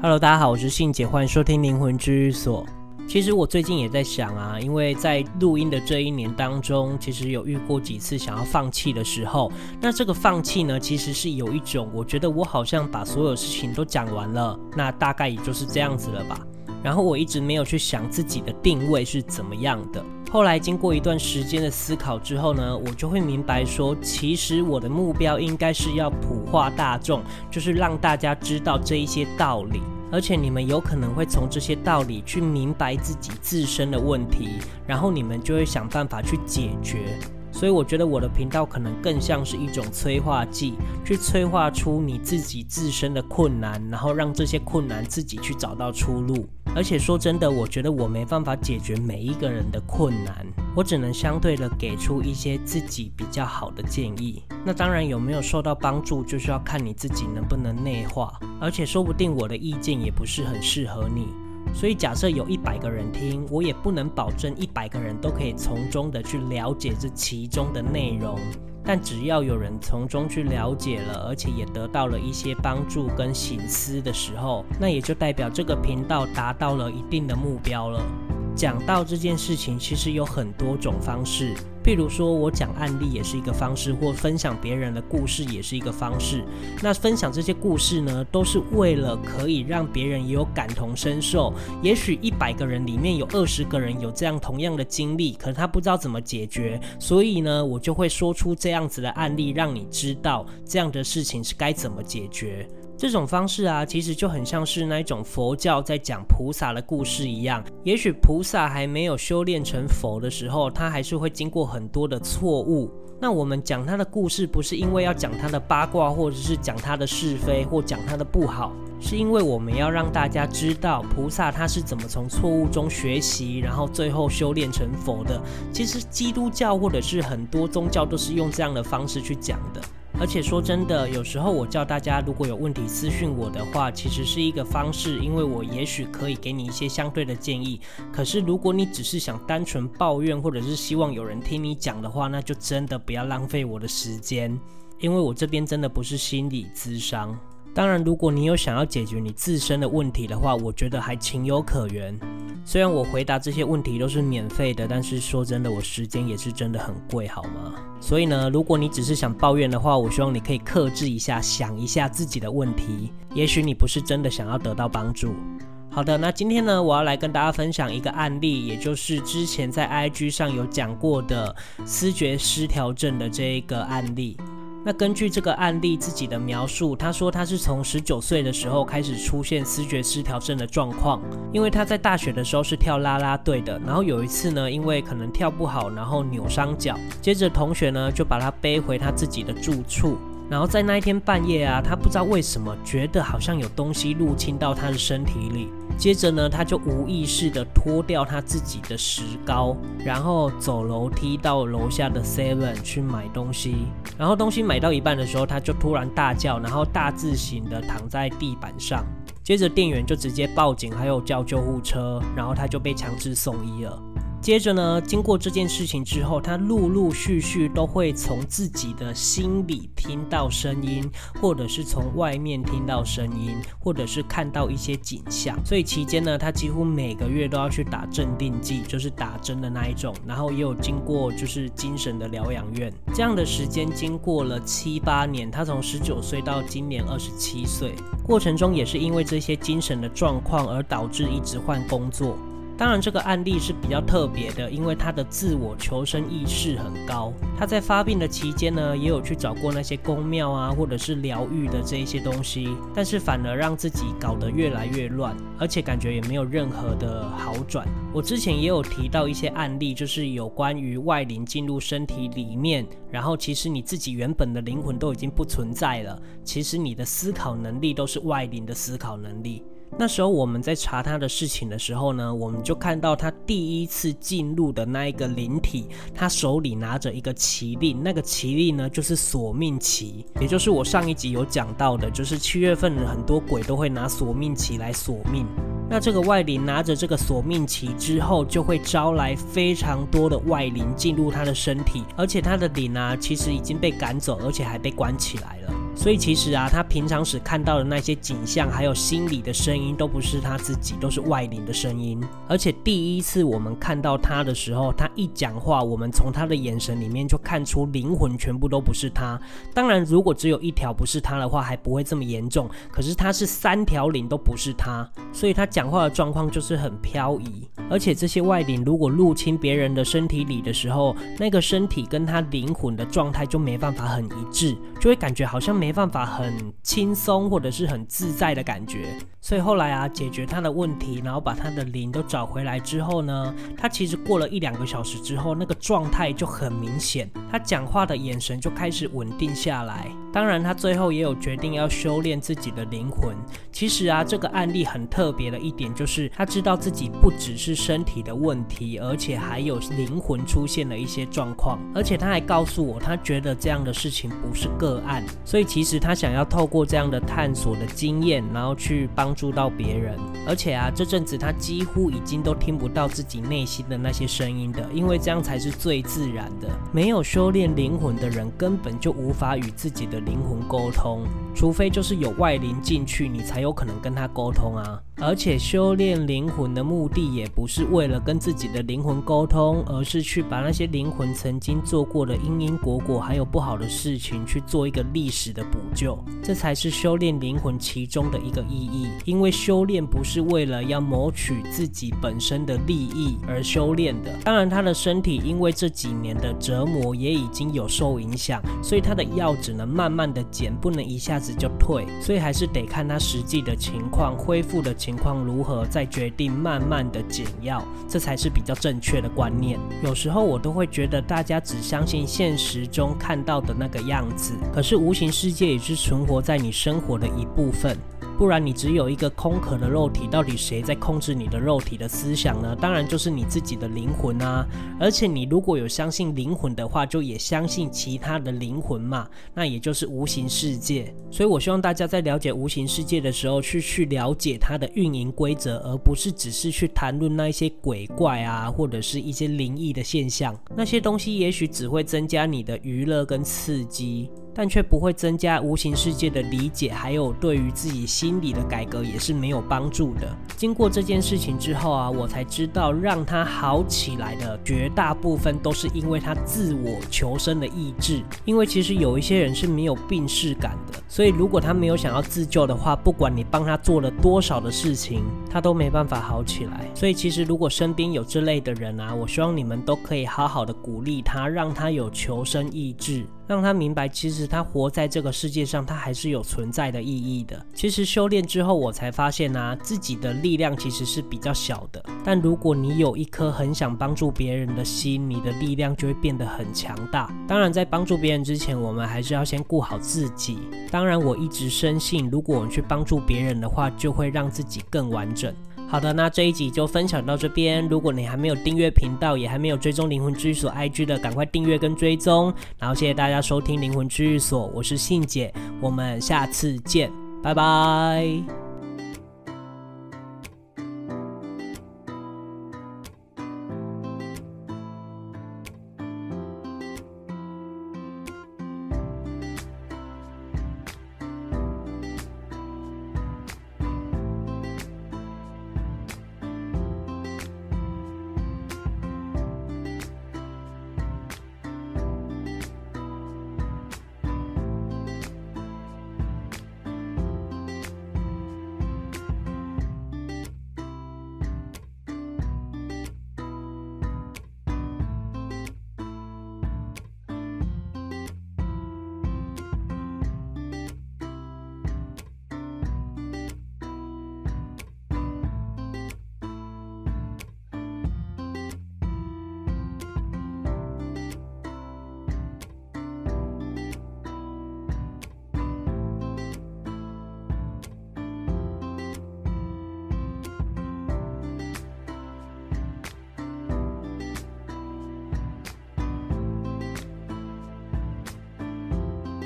Hello，大家好，我是信姐，歡迎收聽靈魂治癒所。其實我最近也在想啊，因為在錄音的這一年當中，其實有遇過幾次想要放棄的時候。那這個放棄呢，其實是有一種，我覺得我好像把所有事情都講完了，那大概也就是這樣子了吧。然後我一直沒有去想自己的定位是怎麼樣的。後來經過一段時間的思考之後呢，我就會明白說，其實我的目標應該是要普化大眾，就是讓大家知道這一些道理。而且你們有可能會從這些道理去明白自己自身的問題，然後你們就會想辦法去解決。所以我覺得我的頻道可能更像是一種催化劑，去催化出你自己自身的困難，然後讓這些困難自己去找到出路。而且說真的，我覺得我沒辦法解決每一個人的困難，我只能相對的給出一些自己比較好的建議。那當然有沒有受到幫助，就是要看你自己能不能內化。而且說不定我的意見也不是很適合你，所以假設有一百個人聽，我也不能保證一百個人都可以從中的去了解這其中的內容。但只要有人從中去了解了，而且也得到了一些幫助跟省思的時候，那也就代表這個頻道達到了一定的目標了。講到這件事情，其實有很多種方式。譬如說，我講案例也是一個方式，或分享別人的故事也是一個方式。那分享這些故事呢，都是為了可以讓別人也有感同身受。也許一百個人裡面有二十個人有這樣同樣的經歷，可是他不知道怎麼解決，所以呢，我就會說出這樣子的案例，讓你知道這樣的事情是該怎麼解決。這種方式啊，其實就很像是那一種佛教在講菩薩的故事一樣。也許菩薩還沒有修煉成佛的時候，他還是會經過很多的錯誤。那我們講他的故事，不是因為要講他的八卦，或者是講他的是非，或講他的不好，是因為我們要讓大家知道菩薩他是怎麼從錯誤中學習，然後最後修煉成佛的。其實基督教或者是很多宗教都是用這樣的方式去講的。而且說真的，有時候我叫大家，如果有問題諮詢我的話，其實是一個方式，因為我也許可以給你一些相對的建議。可是如果你只是想單純抱怨，或者是希望有人聽你講的話，那就真的不要浪費我的時間，因為我這邊真的不是心理諮商。當然，如果你有想要解決你自身的問題的話，我覺得還情有可原。雖然我回答這些問題都是免費的，但是說真的，我時間也是真的很貴，好嗎？所以呢，如果你只是想抱怨的話，我希望你可以克制一下，想一下自己的問題。也許你不是真的想要得到幫助。好的，那今天呢，我要來跟大家分享一個案例，也就是之前在 IG 上有講過的思覺失調症的這一個案例。那根據這個案例自己的描述，他說他是從十九歲的時候開始出現思覺失調症的狀況，因為他在大學的時候是跳啦啦隊的，然後有一次呢，因為可能跳不好，然後扭傷腳，接着同學呢就把他背回他自己的住處，然後在那一天半夜啊，他不知道為什麼覺得好像有東西入侵到他的身體裡。接着呢，他就無意識的脫掉他自己的石膏，然後走樓梯到樓下的 Seven 去買東西。然後東西買到一半的時候，他就突然大叫，然後大字型的躺在地板上。接着店員就直接報警，還有叫救護車，然後他就被強制送醫了。接着呢，經過這件事情之後，他陸陸續續都會從自己的心裡聽到聲音，或者是從外面聽到聲音，或者是看到一些景象。所以期間呢，他幾乎每個月都要去打鎮定劑，就是打針的那一種。然後也有經過就是精神的療養院。這樣的時間經過了七八年，他從十九歲到今年二十七歲，過程中也是因為這些精神的狀況而導致一直換工作。當然，這個案例是比較特別的，因為他的自我求生意識很高。他在發病的期間呢，也有去找過那些宮廟啊，或者是療癒的這一些東西，但是反而讓自己搞得越來越亂，而且感覺也沒有任何的好轉。我之前也有提到一些案例，就是有關於外靈進入身體裡面，然後其實你自己原本的靈魂都已經不存在了，其實你的思考能力都是外靈的思考能力。那時候我們在查他的事情的時候呢，我們就看到他第一次進入的那一個靈體，他手裡拿着一個旗令，那個旗令呢就是索命旗，也就是我上一集有講到的，就是七月份很多鬼都會拿索命旗來索命。那這個外靈拿着這個索命旗之後，就會招來非常多的外靈進入他的身體，而且他的靈啊其實已經被趕走，而且還被關起來了。所以其實啊，他平常時看到的那些景象，還有心裡的聲音，都不是他自己，都是外靈的聲音。而且第一次我們看到他的時候，他一講話，我們從他的眼神裡面就看出靈魂全部都不是他。當然，如果只有一條不是他的話，還不會這麼嚴重。可是他是三條靈都不是他，所以他講話的狀況就是很飄移。而且這些外靈如果入侵別人的身體裡的時候，那個身體跟他靈魂的狀態就沒辦法很一致，就會感覺好像沒辦法很輕鬆或者是很自在的感覺。所以後來啊，解決他的問題，然後把他的靈都找回來之後呢，他其實過了一兩個小時之後，那個狀態就很明顯。他講話的眼神就開始穩定下來。當然，他最後也有決定要修煉自己的靈魂。其實啊，這個案例很特別的一點就是，他知道自己不只是身體的問題，而且還有靈魂出現了一些狀況。而且他還告訴我，他覺得這樣的事情不是個案，所以其實他想要透過這樣的探索的經驗，然後去幫助到別人。而且啊，這陣子他幾乎已經都聽不到自己內心的那些聲音的，因為這樣才是最自然的，沒有修修煉靈魂的人根本就無法與自己的靈魂溝通，除非就是有外靈進去，你才有可能跟他溝通啊！而且修煉靈魂的目的也不是為了跟自己的靈魂溝通，而是去把那些靈魂曾經做過的因因果果還有不好的事情去做一個歷史的補救，這才是修煉靈魂其中的一個意義。因為修煉不是為了要謀取自己本身的利益而修煉的，當然他的身體因為這幾年的折磨也。也已經有受影響，所以他的藥只能慢慢的減，不能一下子就退，所以還是得看他實際的情況，恢復的情況如何，再決定慢慢的減藥，這才是比較正確的觀念。有時候我都會覺得大家只相信現實中看到的那個樣子，可是無形世界也是存活在你生活的一部分。不然你只有一個空殼的肉體，到底誰在控制你的肉體的思想呢？當然就是你自己的靈魂啊！而且你如果有相信靈魂的話，就也相信其他的靈魂嘛，那也就是無形世界。所以我希望大家在了解無形世界的時候，去去了解它的運營規則，而不是只是去談論那一些鬼怪啊，或者是一些靈異的現象。那些東西也許只會增加你的娛樂跟刺激。但卻不會增加無形世界的理解，還有對於自己心理的改革也是沒有幫助的。經過這件事情之後啊，我才知道讓他好起來的絕大部分都是因為他自我求生的意志。因為其實有一些人是沒有病識感的，所以如果他沒有想要自救的話，不管你幫他做了多少的事情，他都沒辦法好起來。所以其實如果身邊有這類的人啊，我希望你們都可以好好的鼓勵他，讓他有求生意志。讓他明白，其實他活在這個世界上，他還是有存在的意義的。其實修煉之後，我才發現啊，自己的力量其實是比較小的。但如果你有一顆很想幫助別人的心，你的力量就會變得很強大。當然，在幫助別人之前，我們還是要先顧好自己。當然，我一直深信，如果我們去幫助別人的話，就會讓自己更完整。好的，那這一集就分享到這邊。如果你還沒有訂閱頻道，也還沒有追蹤靈魂之所 IG 的，趕快訂閱跟追蹤。然後謝謝大家收聽靈魂之所，我是信姐，我們下次見，拜拜。